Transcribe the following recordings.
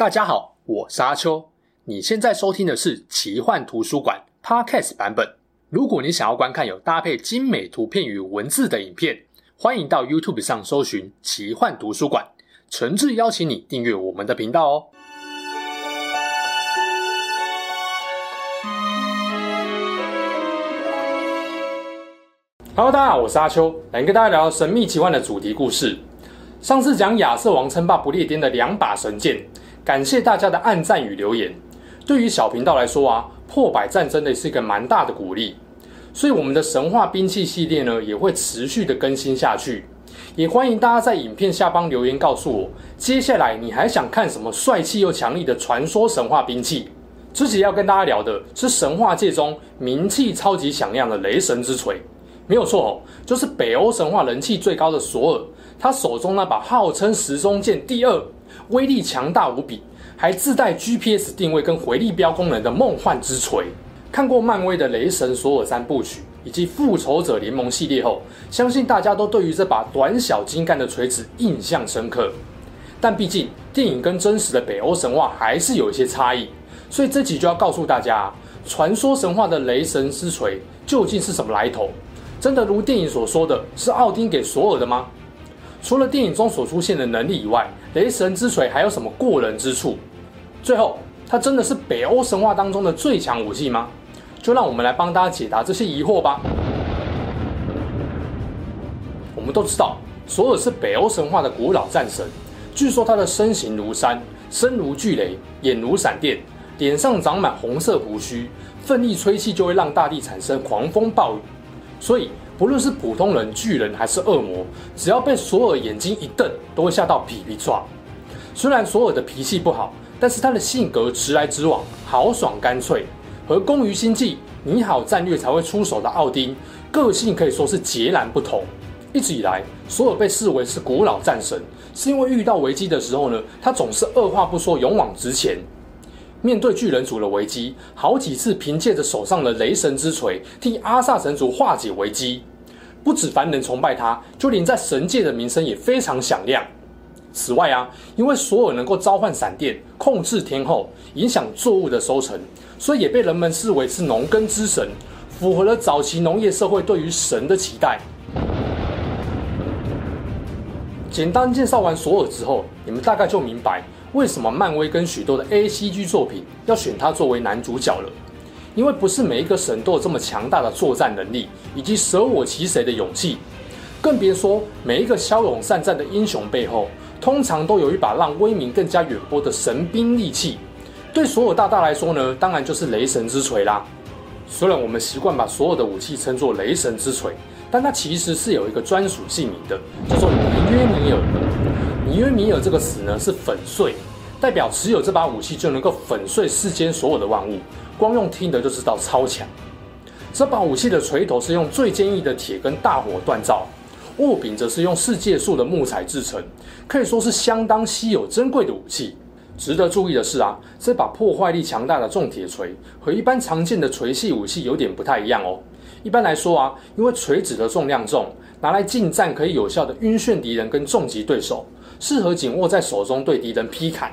大家好，我是阿秋。你現在收聽的是奇幻圖書館 Podcast 版本。如果你想要觀看有搭配精美圖片與文字的影片，歡迎到 YouTube 上搜尋“奇幻圖書館”，誠摯邀請你訂閱我們的頻道哦。Hello，大家好，我是阿秋，來跟大家聊聊神秘奇幻的主題故事。上次講亞瑟王稱霸不列顛的兩把神劍。感謝大家的按贊與留言，對於小頻道來說啊，破百戰爭呢是一個蠻大的鼓勵，所以我們的神話兵器系列呢也會持續的更新下去。也歡迎大家在影片下方留言告，告訴我接下來你還想看什麼帥氣又強力的傳說神話兵器。之前要跟大家聊的是神話界中名氣超級響亮的雷神之錘，沒有錯哦，就是北歐神話人氣最高的索爾，他手中那把號稱十宗劍第二，威力強大無比，還自帶 GPS 定位跟回力鏢功能的夢幻之錘。看過漫威的《雷神索爾》三部曲以及《復仇者聯盟》系列後，相信大家都對於這把短小精幹的錘子印象深刻。但畢竟電影跟真實的北歐神話還是有一些差異，所以這集就要告訴大家，傳說神話的雷神之錘究竟是什麼來頭？真的如電影所說的是奧丁給索爾的嗎？除了電影中所出現的能力以外，雷神之錘還有什麼過人之處？最後，它真的是北歐神話當中的最強武器嗎？就讓我們來幫大家解答這些疑惑吧。我們都知道，索爾是北歐神話的古老戰神，據說他的身形如山，身如巨雷，眼如閃電，臉上長滿紅色胡鬚，奮力吹氣就會讓大地產生狂風暴雨。所以不論是普通人、巨人還是惡魔，只要被索爾眼睛一瞪，都會嚇到皮皮剉。雖然索爾的脾氣不好，但是他的性格直來直往、豪爽乾脆，和工於心計、擬好戰略才會出手的奧丁，個性可以說是截然不同。一直以來，索爾被視為是古老戰神，是因為遇到危機的時候呢，他總是二話不說，勇往直前。面對巨人族的危機，好幾次憑借着手上的雷神之錘，替阿薩神族化解危機。不止凡人崇拜他，就連在神界的名聲也非常響亮。此外啊，因為索爾能夠召喚閃電、控制天候，影響作物的收成，所以也被人們視為是農耕之神，符合了早期農業社會對於神的期待。簡單介紹完索爾之後，你們大概就明白為什麼漫威跟許多的 ACG 作品要選他作為男主角了。因為不是每一個神都有這麼強大的作戰能力以及舍我其誰的勇氣，更別說每一個驍勇善戰的英雄背後，通常都有一把讓威名更加遠播的神兵利器。對索爾大大來說呢，當然就是雷神之錘啦。雖然我們習慣把索爾的武器稱作雷神之錘，但它其實是有一個專屬姓名的，叫做彌約尼爾。彌約尼爾這個詞呢，是粉碎。代表持有這把武器就能夠粉碎世間所有的萬物，光用聽的就知道超強。這把武器的錘頭是用最堅硬的鐵跟大火鍛造，握柄則是用世界樹的木材製成，可以說是相當稀有珍貴的武器。值得注意的是啊，這把破壞力強大的重鐵錘和一般常見的錘系武器有點不太一樣哦。一般來說啊，因為錘子的重量重，拿來近戰可以有效的暈眩敵人跟重擊對手，適合緊握在手中對敵人劈砍。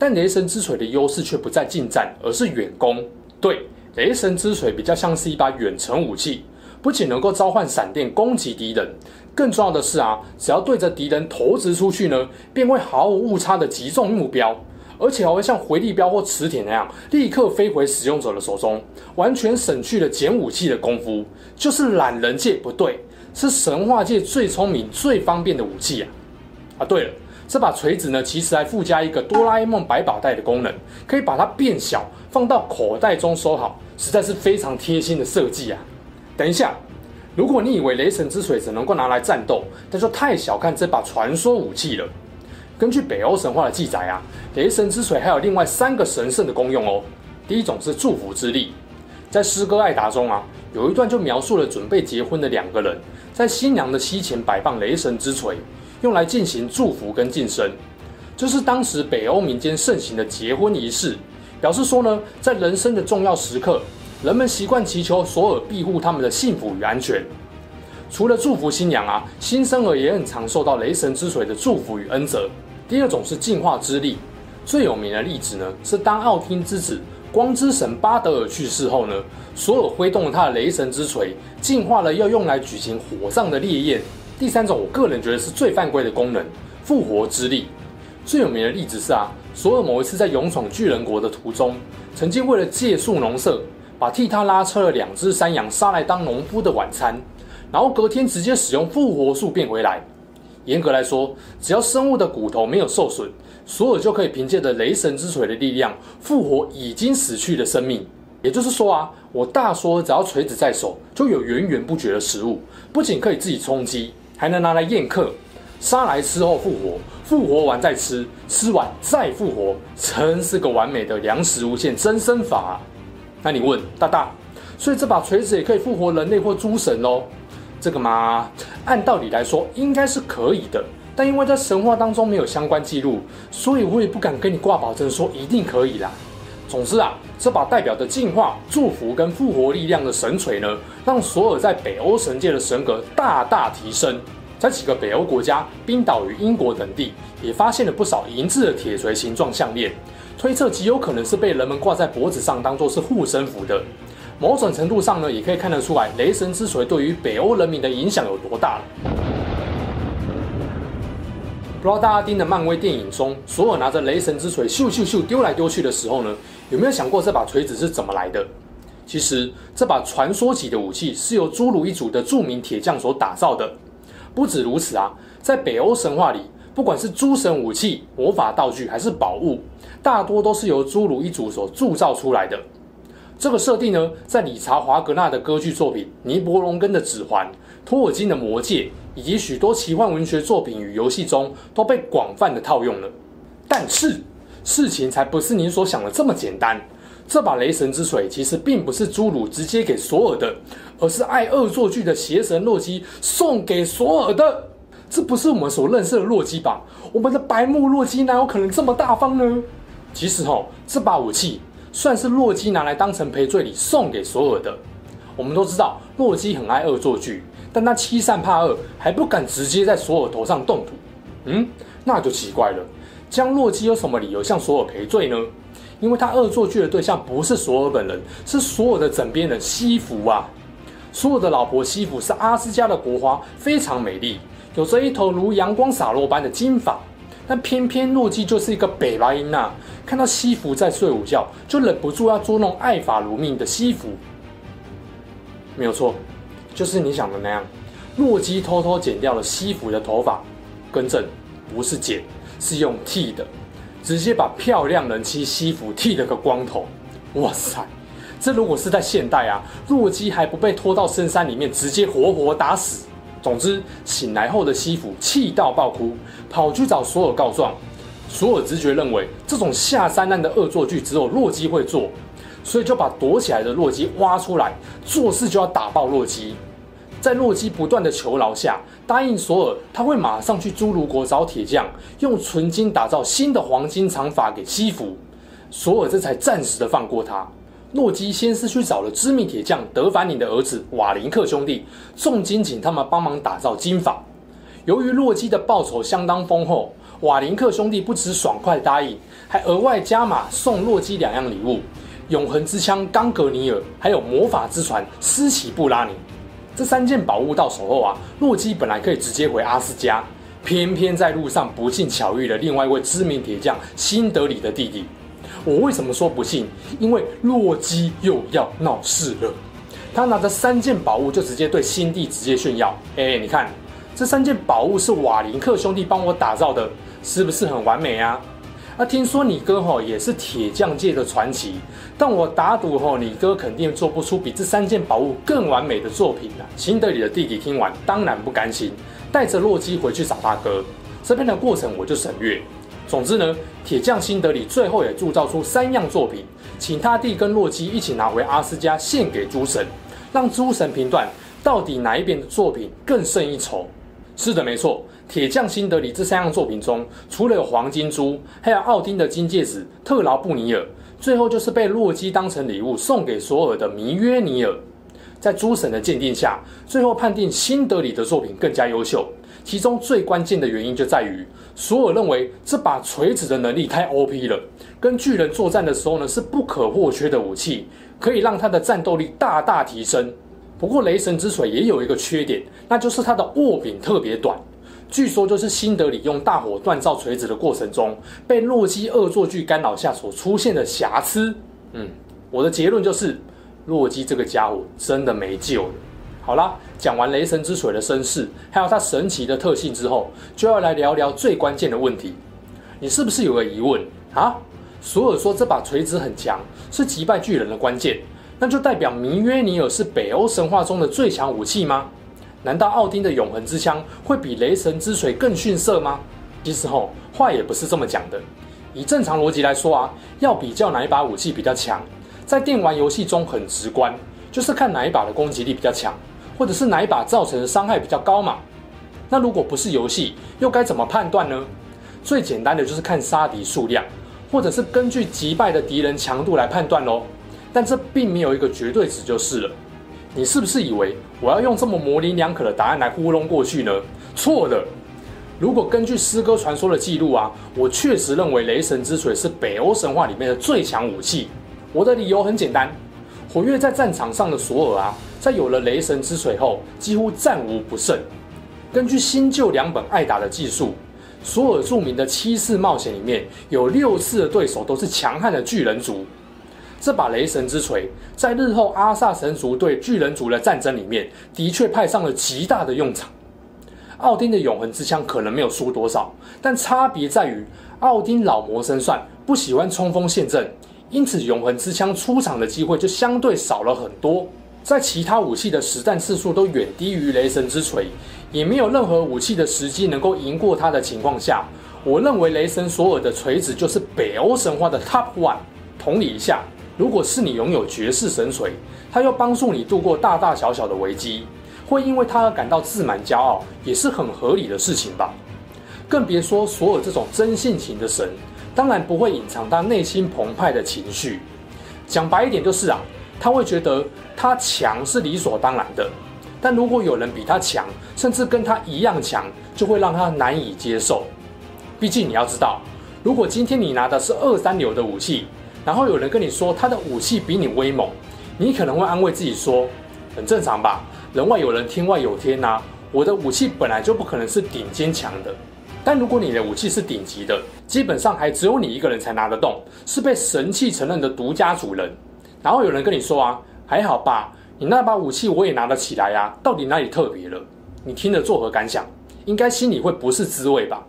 但雷神之錘的優勢卻不在近戰，而是遠攻。對，雷神之錘比較像是一把遠程武器，不僅能夠召喚閃電攻擊敵人，更重要的是啊，只要對着敵人投擲出去呢，便會毫無誤差的擊中目標，而且還會像回力鏢或磁鐵那樣立刻飛回使用者的手中，完全省去了撿武器的功夫，就是懶人界不對，是神話界最聰明、最方便的武器啊。啊，對了。這把錘子呢，其實還附加一個哆啦 A 夢百寶袋的功能，可以把它變小，放到口袋中收好，實在是非常貼心的設計啊！等一下，如果你以為雷神之錘只能夠拿來戰鬥，那就太小看這把傳說武器了。根據北歐神話的記載啊，雷神之錘還有另外三個神聖的功用哦。第一種是祝福之力，在詩歌《艾達》中啊，有一段就描述了準備結婚的兩個人，在新娘的膝前擺放雷神之錘。用來進行祝福跟晉升，這、就是當時北歐民間盛行的結婚儀式。表示說呢，在人生的重要時刻，人們習慣祈求索爾庇護他們的幸福與安全。除了祝福新娘啊，新生兒也很常受到雷神之錘的祝福與恩澤。第二種是淨化之力，最有名的例子呢是當奧汀之子光之神巴德爾去世後呢，索爾揮動了他的雷神之錘，淨化了要用來舉行火葬的烈焰。第三種，我個人覺得是最犯規的功能——復活之力。最有名的例子是啊，索爾某一次在勇闖巨人國的途中，曾經為了借宿農舍，把替他拉車的兩隻山羊殺來當農夫的晚餐，然後隔天直接使用復活術變回來。嚴格來說，只要生物的骨頭沒有受損，索爾就可以憑借着雷神之錘的力量復活已經死去的生命。也就是說啊，我大說只要錘子在手，就有源源不絕的食物，不僅可以自己充飢。還能拿來宴客，殺來吃後復活，復活完再吃，吃完再復活，真是個完美的糧食無限增生法啊。那你問大大，所以這把錘子也可以復活人類或諸神哦？這個嘛，按道理來說應該是可以的，但因為在神話當中沒有相關記錄，所以我也不敢跟你掛保證說一定可以啦。總之啊，這把代表着進化、祝福跟復活力量的神錘呢，讓索爾在北歐神界的神格大大提升。在幾個北歐國家，冰島與英國等地，也發現了不少銀質的鐵錘形狀項鏈，推測極有可能是被人們掛在脖子上當做是護身符的。某種程度上呢，也可以看得出來，雷神之錘對於北歐人民的影響有多大了。不知道大家盯著的漫威電影中，索爾拿着雷神之錘咻咻咻丟來丟去的時候呢，有沒有想過這把錘子是怎麼來的？其實，這把傳說級的武器是由侏儒一族的著名鐵匠所打造的。不止如此啊，在北歐神話裡，不管是諸神武器、魔法道具還是寶物，大多都是由侏儒一族所鑄造出來的。這個設定呢，在理查華格納的歌劇作品《尼伯龍根的指環》、托爾金的《魔戒》。以及許多奇幻文學作品與遊戲中都被廣泛的套用了，但是事情才不是您所想的這麼簡單。這把雷神之錘其實並不是侏儒直接給索爾的，而是愛惡作劇的邪神洛基送給索爾的。這不是我們所認識的洛基吧？我們的白目洛基哪有可能這麼大方呢？其實吼、哦，這把武器算是洛基拿來當成賠罪禮送給索爾的。我們都知道洛基很愛惡作劇。但他欺善怕惡，還不敢直接在索爾頭上動土，嗯，那就奇怪了。將洛基有什麼理由向索爾賠罪呢？因為他惡作劇的對象不是索爾本人，是索爾的枕邊人西弗啊。索爾的老婆西弗是阿斯嘉的國花，非常美麗，有着一頭如陽光灑落般的金髮。但偏偏洛基就是一個北拉英娜，看到西弗在睡午覺，就忍不住要捉弄愛髮如命的西弗。沒有錯。就是你想的那樣，洛基偷偷剪掉了西芙的頭髮，更正，不是剪，是用剃的，直接把漂亮人妻西芙剃了個光頭。哇塞，這如果是在現代啊，洛基還不被拖到深山裡面，直接活活打死。總之，醒來後的西芙氣到爆哭，跑去找索爾告狀。索爾直覺認為這種下三濫的惡作劇只有洛基會做，所以就把躲起來的洛基挖出來，作勢就要打爆洛基。在洛基不斷的求饒下，答應索爾，他會馬上去侏儒國找鐵匠，用純金打造新的黃金長髮給西弗。索爾這才暫時的放過他。洛基先是去找了知名鐵匠德凡尼的兒子瓦林克兄弟，重金請他們幫忙打造金髮，由於洛基的報酬相當豐厚，瓦林克兄弟不止爽快答應，還額外加碼送洛基兩樣禮物：永恆之槍岡格尼爾，還有魔法之船斯奇布拉尼。這三件寶物到手後啊，洛基本來可以直接回阿斯嘉，偏偏在路上不幸巧遇了另外一位知名鐵匠辛德里的弟弟。我為什麼說不幸？因為洛基又要鬧事了。他拿着三件寶物就直接對新弟直接炫耀：“哎，你看，這三件寶物是瓦林克兄弟幫我打造的，是不是很完美啊？”那、啊、聽說你哥也是鐵匠界的傳奇，但我打賭你哥肯定做不出比這三件寶物更完美的作品。辛德里的弟弟聽完，當然不甘心，帶着洛基回去找他哥。這邊的過程我就省略。總之呢，鐵匠辛德里最後也鑄造出三樣作品，請他弟跟洛基一起拿回阿斯嘉獻給諸神，讓諸神評斷到底哪一邊的作品更勝一籌。是的，沒錯。鐵匠辛德里這三樣作品中，除了有黃金珠，還有奧丁的金戒指特勞布尼爾，最後就是被洛基當成禮物送給索爾的彌約尼爾。在諸神的鑑定下，最後判定辛德里的作品更加優秀。其中最關鍵的原因就在於索爾認為這把錘子的能力太 OP 了，跟巨人作戰的時候呢，是不可或缺的武器，可以讓他的戰鬥力大大提升。不過雷神之錘也有一個缺點，那就是它的握柄特別短。據說就是辛德里用大火鍛造錘子的過程中，被洛基惡作劇干擾下所出現的瑕疵。嗯，我的結論就是，洛基這個家伙真的沒救了。好啦，講完雷神之錘的身世，還有它神奇的特性之後，就要來聊聊最關鍵的問題。你是不是有個疑問啊？索爾說這把錘子很強，是擊敗巨人的關鍵，那就代表彌約尼爾是北歐神話中的最強武器嗎？難道奧丁的永恆之槍會比雷神之錘更遜色嗎？其實吼、哦，話也不是這麼講的。以正常邏輯來說啊，要比較哪一把武器比較強，在電玩遊戲中很直觀，就是看哪一把的攻擊力比較強，或者是哪一把造成的傷害比較高嘛。那如果不是遊戲，又該怎麼判斷呢？最簡單的就是看殺敵數量，或者是根據擊敗的敵人強度來判斷嘍。但這並沒有一個絕對值，就是了。你是不是以為我要用這麼模棱兩可的答案來糊弄過去呢？錯的。如果根據詩歌傳說的記錄啊，我確實認為雷神之錘是北歐神話裡面的最強武器。我的理由很簡單：活躍在戰場上的索爾啊，在有了雷神之錘後，幾乎戰無不勝。根據新舊兩本《愛達》的記述，索爾著名的七次冒險裡面有六次的對手都是強悍的巨人族。這把雷神之錘在日後，阿薩神族對巨人族的戰爭裡面，的確派上了極大的用場。奧丁的永恆之槍可能沒有輸多少，但差別在於奧丁老謀深算，不喜歡衝鋒陷陣，因此永恆之槍出場的機會就相對少了很多。在其他武器的實戰次數都遠低於雷神之錘，也沒有任何武器的時機能夠贏過它的情況下，我認為雷神索爾的錘子就是北歐神話的 top one。同理一下。如果是你擁有絕世神錘，他又幫助你度過大大小小的危機，會因為他而感到自滿驕傲，也是很合理的事情吧？更別說索爾這種真性情的神，當然不會隱藏他內心澎湃的情緒。講白一點就是啊，他會覺得他強是理所當然的，但如果有人比他強，甚至跟他一樣強，就會讓他難以接受。畢竟你要知道，如果今天你拿的是二三流的武器，然後有人跟你說他的武器比你威猛，你可能會安慰自己說，很正常吧，人外有人，天外有天吶。我的武器本來就不可能是頂尖強的。但如果你的武器是頂級的，基本上還只有你一個人才拿得動，是被神器承認的獨家主人。然後有人跟你說啊，還好吧，你那把武器我也拿得起來呀，到底哪裡特別了？你聽了作何感想？應該心裡會不是滋味吧？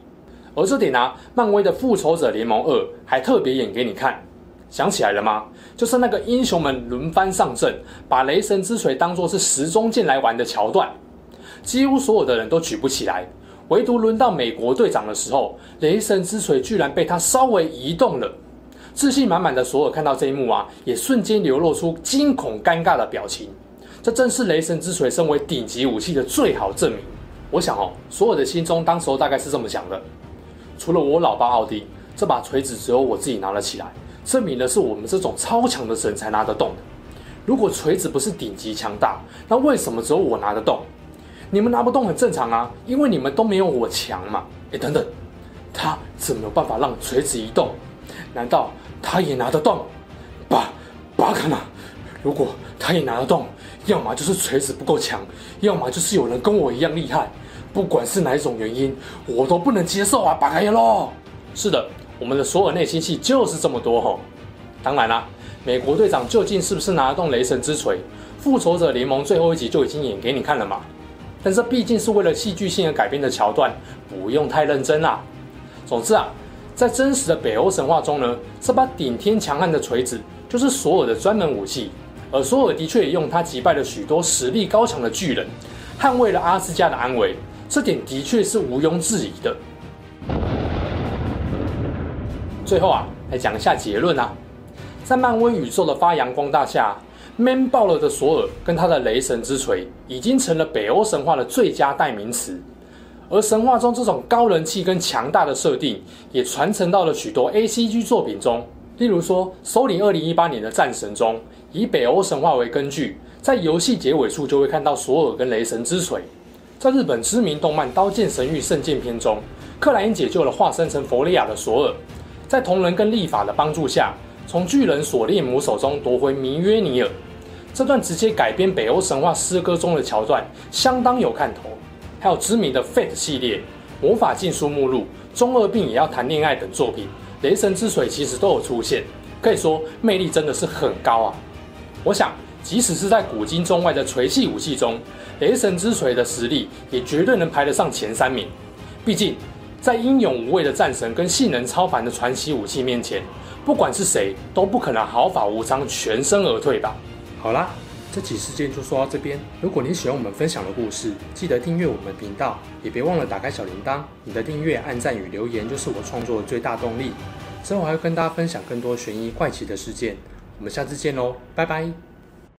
而這點啊，漫威的復仇者聯盟二還特別演給你看。想起來了嗎？就是那個英雄們輪番上陣，把雷神之錘當作是石中劍來玩的橋段，幾乎所有的人都舉不起來，唯獨輪到美國隊長的時候，雷神之錘居然被他稍微移動了。自信滿滿的索爾看到這一幕啊，也瞬間流露出驚恐、尷尬的表情。這正是雷神之錘身為頂級武器的最好證明。我想哦，索爾的心中當時候大概是這麼想的：除了我老爸奧丁，這把錘子只有我自己拿了起來。證明的是我們這種超強的神才拿得動的。如果錘子不是頂級強大，那為什麼只有我拿得動？你們拿不動很正常啊，因為你們都沒有我強嘛。哎，等等，他怎麼有辦法讓錘子移動？難道他也拿得動？巴，巴卡納，如果他也拿得動，要麼就是錘子不夠強，要麼就是有人跟我一樣厲害。不管是哪一種原因，我都不能接受啊，巴卡耶洛。是的。我們的索爾內心戲就是這麼多吼、哦，當然啦、啊，美國隊長究竟是不是拿得動雷神之錘？復仇者聯盟最後一集就已經演給你看了嘛。但這畢竟是為了戲劇性而改編的橋段，不用太認真啦、啊。總之啊，在真實的北歐神話中呢，這把頂天強悍的錘子就是索爾的專門武器，而索爾的確也用它擊敗了許多實力高強的巨人，捍衛了阿斯嘉的安危，這點的確是毋庸置疑的。最後啊，來講一下結論啊。在漫威宇宙的發揚光大下，man 爆了的索爾跟他的雷神之錘，已經成了北歐神話的最佳代名詞。而神話中這種高人氣跟強大的設定，也傳承到了許多 ACG 作品中。例如說，首領二零一八年的戰神中，以北歐神話為根據，在遊戲結尾處就會看到索爾跟雷神之錘。在日本知名動漫《刀劍神域：聖劍篇》中，克萊因解救了化身成弗雷亞的索爾。在同人跟立法的幫助下，從巨人索列姆手中奪回彌約尼爾，這段直接改編北歐神話詩歌中的橋段，相當有看頭。還有知名的《Fate》系列、《魔法禁書目錄》、《中二病也要談戀愛》等作品，《雷神之錘》其實都有出現，可以說魅力真的是很高啊！我想，即使是在古今中外的錘系武器中，《雷神之錘》的實力也絕對能排得上前三名，畢竟。在英勇無畏的戰神跟性能超凡的傳奇武器面前，不管是誰都不可能毫髮無傷、全身而退吧。好啦，這期事件就說到這邊。如果你喜歡我們分享的故事，記得訂閱我們頻道，也別忘了打開小鈴鐺。你的訂閱、按讚與留言就是我創作的最大動力。之後還要跟大家分享更多懸疑怪奇的事件，我們下次見嘍，拜拜。